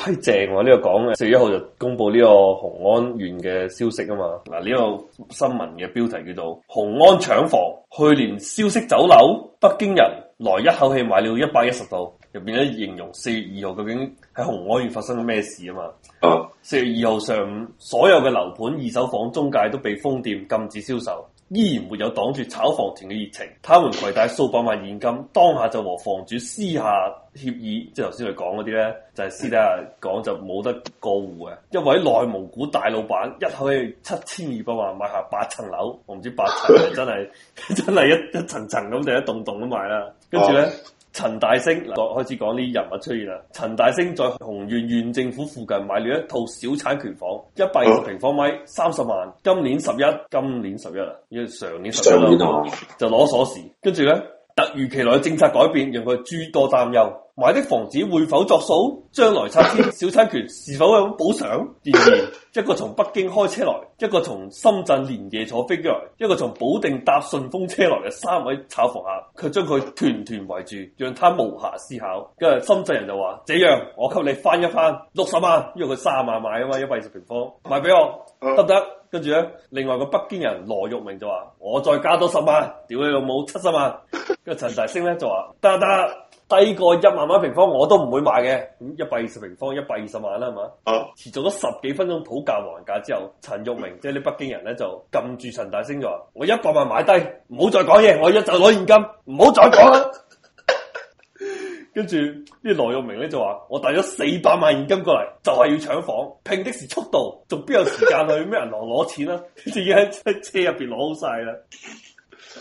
係正喎，呢個講嘅四月一號就公布呢個雄安縣嘅消息啊嘛。嗱，呢個新聞嘅標題叫做《雄安搶房》，去年消息走樓，北京人來一口氣買了一百一十度，入邊咧形容四月二號究竟喺雄安縣發生咗咩事啊嘛。四月二號上午，所有嘅樓盤二手房中介都被封店，禁止銷售。依然沒有擋住炒房團嘅熱情，他們攜帶數百萬現金，當下就和房主私下協議。即係頭先佢講嗰啲咧，就係、是、私底下講就冇得過戶嘅。一位內蒙古大老闆一口氣七千二百萬買下八層樓，我唔知八層真係 真係一，一層層咁定一棟棟都買啦，跟住咧。啊。陳大星嗱開始講呢啲人物出現啦。陳大星在雄縣縣政府附近買了一套小產權房，一百二十平方米三十萬。今年十一，今年十一啊，因為上年十一咯，就攞鎖匙，跟住咧。突如其來嘅政策改變，讓佢諸多擔憂。買的房子會否作數？將來拆遷小產權是否有補償？然而，一個從北京開車來，一個從深圳連夜坐飛機來，一個從保定搭順風車來嘅三位炒房客，佢將佢團團圍住，讓他無暇思考。跟住深圳人就話：這樣我給你翻一翻六十萬，因為佢三十萬買啊嘛，一百二十平方賣俾我，得唔得？跟住咧，另外個北京人羅玉明就話：，我再加多十萬，屌你老母七十萬。跟住陳大星咧就話：，得得，低過一萬蚊平方我都唔會買嘅。咁一百二十平方一百二十萬啦，係嘛？啊！ 持續咗十幾分鐘討價還價之後，陳玉明即係啲北京人咧就撳住陳大星就話：，我一百萬買低，唔好再講嘢，我一就攞現金，唔好再講啦。跟住，呢，羅玉明咧就話：，我帶咗四百萬現金過嚟，就係、是、要搶房，拼的是速度，仲邊有時間去咩人同攞錢啊？自己喺車入邊攞好晒啦！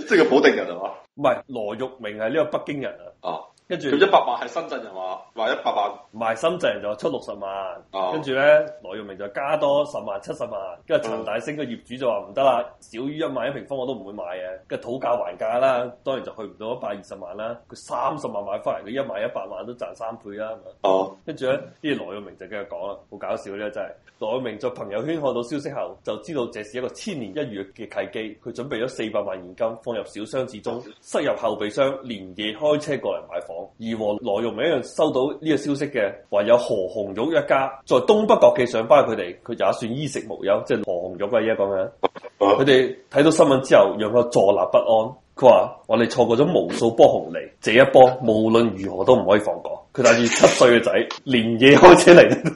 即係 個保定人啊嘛？唔係羅玉明係呢個北京人啊！哦。跟住佢一百萬係深圳人話，話一百萬，唔係深圳人就出六十萬，跟住、oh. 呢，羅永明就加多十萬七十萬，跟住陳大星個業主就話唔得啦，少於一萬一平方我都唔會買嘅，跟住討價還價啦，當然就去唔到一百二十萬啦，佢三十萬買翻嚟，佢一萬一百萬都賺三倍啦，哦，跟住呢，啲羅永明就繼續講啦，好搞笑咧就係、是，羅永明在朋友圈看到消息後，就知道這是一個千年一遇嘅契機，佢準備咗四百萬現金放入小箱子中，塞入後備箱，連夜開車過嚟買房。而和羅玉明一樣收到呢個消息嘅，唯有何鴻玉一家在東北國企上班，佢哋佢也算衣食無憂，即係何鴻儒何鴻玉嘅一樣嘅。佢哋睇到新聞之後，讓佢坐立不安。佢話：我哋錯過咗無數波紅利，這一波無論如何都唔可以放過。佢帶住七歲嘅仔連夜開車嚟，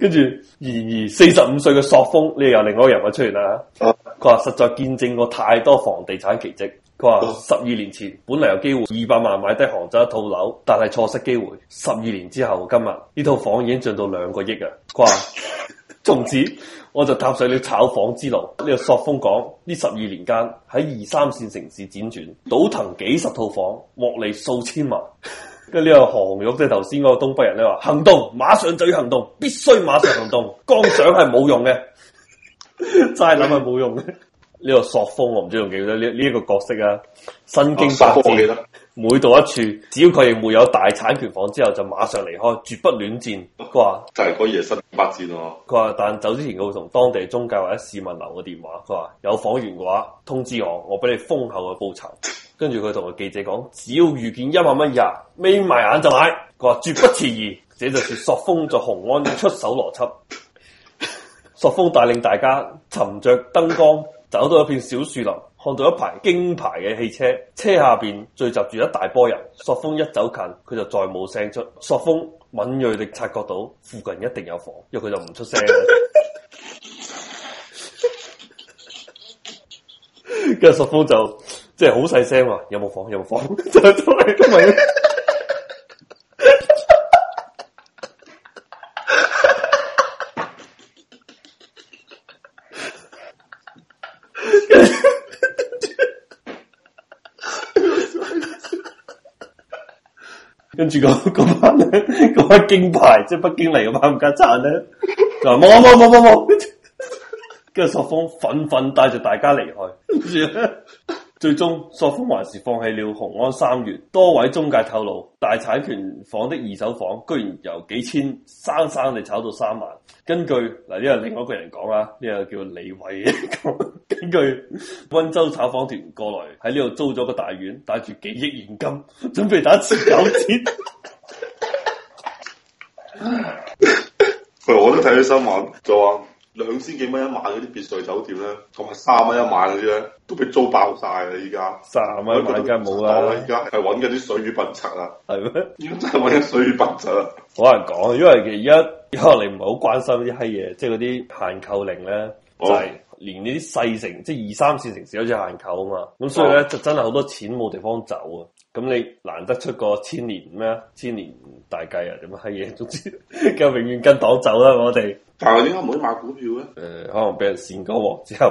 跟 住，然而四十五歲嘅索風，你又另外一個人物出現啦。佢話：實在見證過太多房地產奇跡。佢話十二年前本嚟有機會二百萬買低杭州一套樓，但係錯失機會。十二年之後今日呢套房已經賺到兩個億啊！佢話從此我就踏上了炒房之路。呢、這個索風講呢十二年間喺二三線城市輾轉，倒騰幾十套房，獲利數千萬。跟住呢個韓玉即係頭先嗰個東北人咧話行動，馬上就要行動，必須馬上行動。光 想係冇用嘅，齋諗係冇用嘅。呢個索風，我唔知仲記得呢？呢一個角色啊，身經百戰，每到一處，只要佢哋沒有大產權房之後，就馬上離開，絕不戀戰。佢話：就係嗰夜身百戰喎。佢話：但走之前，佢會同當地中介或者市民留個電話。佢話：有房源嘅話，通知我，我俾你封口嘅報酬。跟住佢同個記者講：只要遇見一萬蚊日，眯埋眼就買。佢話：絕不遲疑。這就是索風就雄安出手邏輯。索風帶領大家尋着燈光。走到一片小樹林，看到一排京牌嘅汽車，車下邊聚集住一大波人。索鋒一走近，佢就再冇聲出。索鋒敏銳地察覺到附近一定有房，因為佢就唔出聲。跟住索鋒就即係好細聲話：有冇房？有冇房？就走嚟，因為咧。跟住嗰班咧，嗰班京牌，即係北京嚟嘅班唔家燦咧，就冇冇冇冇冇，跟住 索方紛紛帶住大家離開，跟住咧。 最終，索風還是放棄了雄安三月。多位中介透露，大產權房的二手房居然由幾千生生地炒到三萬。根據嗱，呢個另外一個人講啦，呢個叫李偉， 根據溫州炒房團過來喺呢度租咗個大院，帶住幾億現金，準備打持久戰。係，我都睇咗新聞，做話。兩千幾蚊一晚嗰啲別墅酒店咧，同埋三蚊一晚嗰啲咧，都俾租爆晒啦！依家三蚊一晚梗係冇啦，依家係搵緊啲水魚笨賊啊，係咩嗎？而家真係搵啲水魚笨賊啊！好難講，因為而家，可能你唔係好關心啲閪嘢，即係嗰啲限購令咧，就係、是、好連呢啲細城，即、就、係、是、二三線城市好似限購啊嘛。咁所以咧，好就真係好多錢冇地方走啊。咁你難得出個千年咩？千年大計啊？點啊？閪嘢，總之，佢永遠跟黨走啦，啊！我哋。但係點解唔可以買股票咧？誒，可能俾人煽高之， 之後，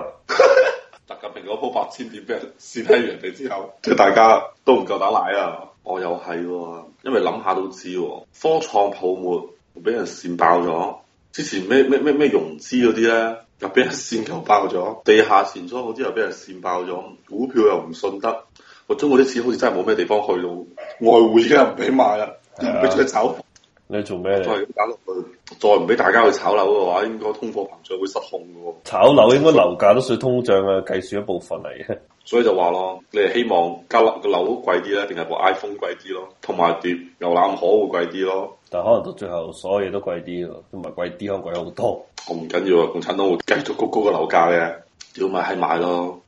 特價蘋果鋪八千點俾人煽低完地之後，即係大家都唔夠膽買啊！哦，又係、哦，因為諗下都知，科創泡沫俾人煽爆咗，之前咩咩咩咩融資嗰啲咧，又俾人煽球爆咗，地下錢莊嗰啲又俾人煽爆咗，股票又唔信得，我中國啲錢好似真係冇咩地方去咯，外匯已經又唔俾買啦，俾對、啊、出去炒。你做咩咧？再唔俾大家去炒樓嘅話，應該通貨膨脹會失控嘅。炒樓應該樓價都通脹，啊，算通脹嘅計算一部分嚟嘅，所以就話咯，你係希望交個樓貴啲咧，定係部 iPhone 貴啲咯？同埋碟牛腩可會貴啲咯？但可能到最後所有嘢都貴啲咯，同埋貴啲咯貴好多。我唔緊要啊，共產黨會繼續谷高個樓價嘅，要咪係買咯，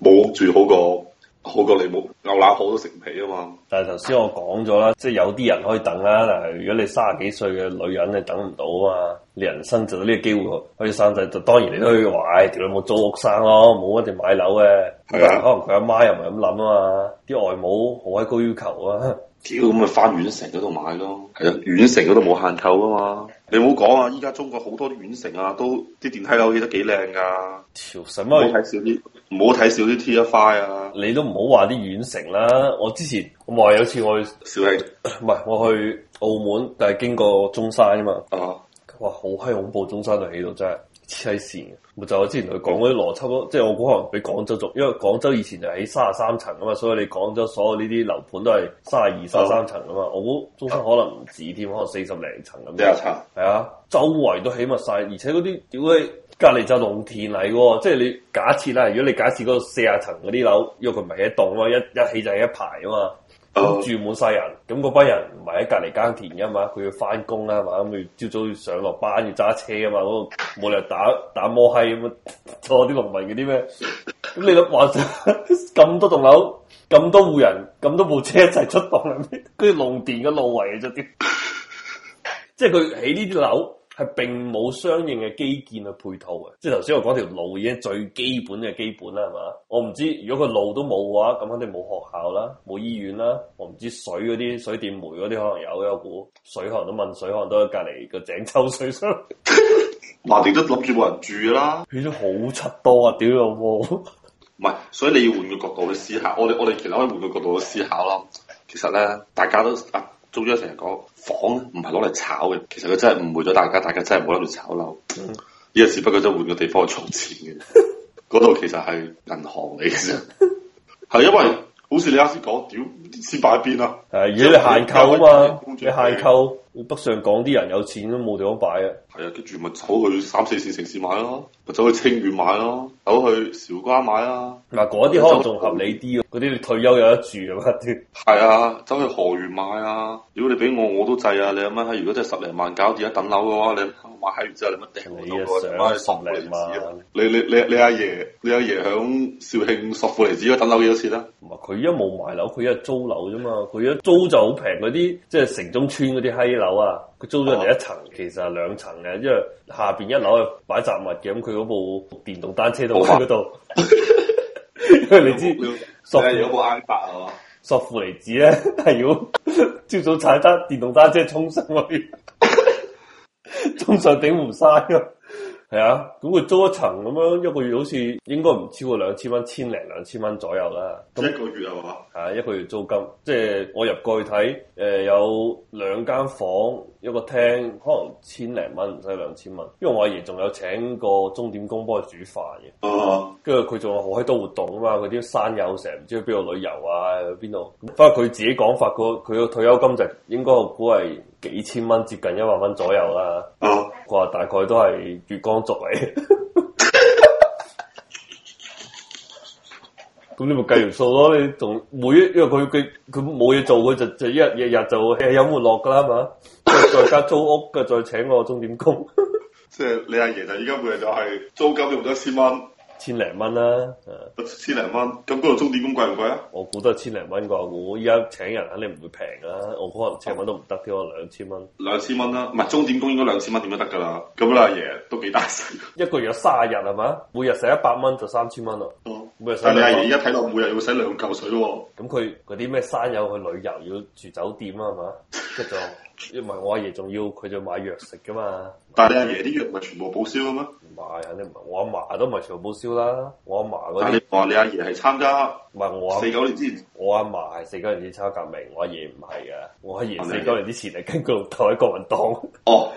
冇屋 住好過。好過你冇牛奶，好都食唔起啊嘛！但係頭先我講咗啦，即係有啲人可以等啦，但係如果你卅幾歲嘅女人，你等唔到啊嘛。人生就有呢個機會，可以生仔，就當然你都可以話，屌你冇租屋生咯，冇一定買樓嘅。的可能佢阿媽，媽又唔係咁諗啊嘛，啲外母好鬼高要求啊。屌咁咪返縣城嗰度買咯，係啊，縣城嗰度冇限購噶嘛。你唔好講啊，依家中國好多啲縣城啊，都啲電梯樓起得幾靚噶。屌來，使乜要睇少啲？唔好睇少啲 T F I 啊！你都唔好話啲縣城啦。我之前我話有一次我去，小氣唔係我去澳門，但係經過中山啫嘛。啊哇！好閪恐怖，中山就起到真係黐閪線嘅。我就我之前同佢講嗰啲邏輯咯，即係我估可能比廣州仲，因為廣州以前就起三十三層啊嘛，所以你廣州所有呢啲樓盤都係三十二、三十三層啊嘛。我估中山可能唔止添，嗯、可能四十零層咁。幾多層？係啊，周圍都起密晒，而且嗰啲屌佢隔離就農田嚟喎，即係你假設啦。如果你假設嗰四啊層嗰啲樓，因為佢唔係一棟啊嘛，一一起就係一排啊嘛。嗯、住滿晒人，咁嗰班人唔係喺隔籬耕田噶嘛？佢要翻工啦，嘛咁佢朝早要上落班要揸車啊嘛，嗰個冇理由打打摩係咁啊，坐啲農民嗰啲咩？咁你諗話咁 多棟樓，咁多戶人，咁多部車一齊出動，跟住農電嘅路圍嘅啫， 即係佢起呢啲樓。係並冇相應嘅基建去配套嘅，即係頭先我講條路，已經最基本嘅基本啦，係嘛？我唔知如果個路都冇嘅話，咁肯定冇學校啦，冇醫院啦。我唔知水嗰啲水電煤嗰啲，可能有有股水，可能都問水，可能都喺隔籬個井抽水箱。嗱，你都諗住冇人住啦，變咗好七多啊！屌，有唔係，所以你要換個角度去思考。我哋我哋其實可以換個角度去思考咯。其實咧，大家都 做咗成日講房咧，唔係攞嚟炒嘅，其實佢真係誤會咗大家，大家真係唔好喺度炒樓。呢個、嗯、只不過都換個地方去儲錢嘅。嗰度其實係銀行嚟嘅，係 因為好似你啱先講，屌先擺邊啊，係而家限購啊嘛，你限購，北上港啲人有錢都冇地方擺啊。係跟住咪走去三四線城市買咯，咪走去清遠買咯，走去韶關買啊。嗱，嗰啲可能仲合理啲喎，嗰啲我退休有得住啊嘛。係 啊，走去河源買啊。如果你俾我，我都制啊。你諗下，如果真係十零萬搞掂一棟樓嘅話，你買閪完之後，你乜掟唔到？十零萬。你你你你阿、啊、爺，你阿、啊、爺響肇、啊、慶十富嚟址嘅棟樓幾多錢啊？唔係佢而家冇買樓，佢而家租樓啫嘛。佢一租，租就好平，嗰啲即係城中村嗰啲閪樓啊，佢租咗人哋一層，嗯、其實係兩層因為下邊一樓係擺雜物嘅，咁佢嗰部電動單車都喺嗰度， 你知自，係有冇 i r 啊，索芙離子咧係要朝早踩單電動單車衝上去，衝 上頂唔晒。係啊，咁佢租一層咁樣一個月，好似應該唔超過兩千蚊，千零兩千蚊左右啦。咁一個月係嘛？啊，一個，一個月租金，即係我入過去睇，誒，有兩間房，一個廳，可能千零蚊，唔使兩千蚊。因為我阿爺仲有請個鐘點工幫佢煮飯嘅。哦、uh，跟住佢仲有好喺多活動啊嘛，嗰啲山友成日唔知去邊度旅遊啊，去邊度。不過佢自己講法，佢佢個退休金就應該估係幾千蚊，接近一萬蚊左右啦。Uh huh. 佢話大概都係月光族嚟，咁你咪計完數咯？你仲每一，因為佢佢佢冇嘢做，佢就每天每天就一日日就有悶落噶啦嘛，再加租屋嘅再請個鐘點工 即，即係你阿爺就而家每日就係租金用咗一千蚊。千零蚊啦，啊！千零蚊，咁嗰個鐘點工貴唔貴啊？我估得係千零蚊啩，我依家請人肯定唔會平啦、啊，我可能請人都唔得添，啊、兩千蚊。兩千蚊啦、啊，唔係鐘點工應該兩千蚊點、嗯啊、都得噶啦。咁啦，阿爺都幾大使。一個月有卅日係嘛？每日使、啊、一百蚊就三千蚊啦。哦，但係阿爺而家睇到每日要使兩嚿水喎。咁佢嗰啲咩山友去旅遊要住酒店啊，係嘛？ 佢就，唔係我阿爺仲要佢就買藥食噶嘛。但係你阿爺啲藥咪全部報銷嘅咩？唔係，肯定唔係。我阿嫲都唔係全部報銷啦。我阿嫲嗰，但你話阿爺係參加，唔係我四九年之前，我阿嫲係四九年之前參加革命，我阿爺唔係嘅。我阿爺四九年之前係跟住台國民黨。 哦。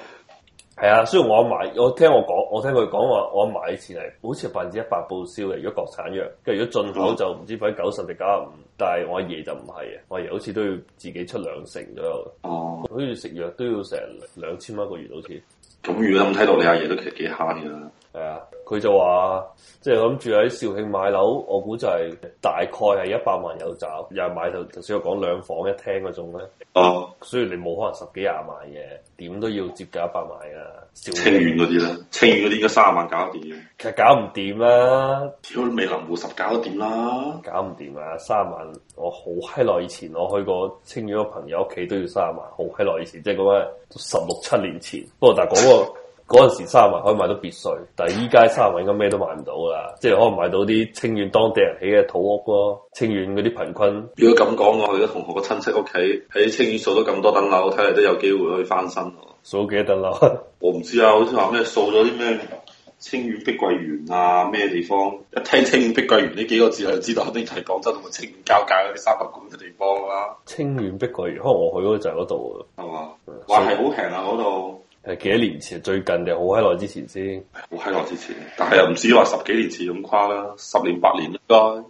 係啊，所然我阿我聽我講，我聽佢講話，我阿嫲以係好似百分之一百報銷嘅，如果國產藥，跟住如果進口就唔知百分喺九十定九十五，但係我阿爺，爺就唔係啊。我爺，爺好似都要自己出兩成左右。哦，好似食藥都要成兩千蚊一個月，好似。咁如果咁睇到你阿爺，爺都其實幾慳噶啦。係啊。佢就話即係諗住喺肇慶買樓，我估就係大概係一百萬有找。有係買就頭先我講兩房一廳嗰種咧。哦、啊，雖然你冇可能十幾廿萬嘅，點都要接近一百萬啊！清遠嗰啲咧，清遠嗰啲應該卅萬搞掂。其實搞唔掂啦，屌美林湖十搞掂啦，搞唔掂啊！卅萬，我好閪耐以前，我去過清遠個朋友屋企都要卅萬，好閪耐以前，即係嗰咩十六七年前。不過但係、那、嗰個。 嗰陣時三萬可以買到別墅，但係依家三萬應該咩都買唔到啦，即係可能買到啲清遠當地人起嘅土屋咯。清遠嗰啲貧困，如果咁講我去咗同學個親戚屋企喺清遠掃咗咁多棟樓，睇嚟都有機會可以翻身喎。掃幾多棟樓？我唔知啊，好似話咩掃咗啲咩清遠碧桂園啊咩地方？一聽清遠碧桂園呢幾個字，的就知道一定係廣州同埋清遠交界嗰啲三百幾蚊嘅地方啦。清遠碧桂園，可能我去嗰個就係嗰度啊，係嘛？話係好平啊嗰度。誒，幾年前？最近定好閪耐之前先？好閪耐之前，但係又唔至於話十幾年前咁誇啦，十年八年應該。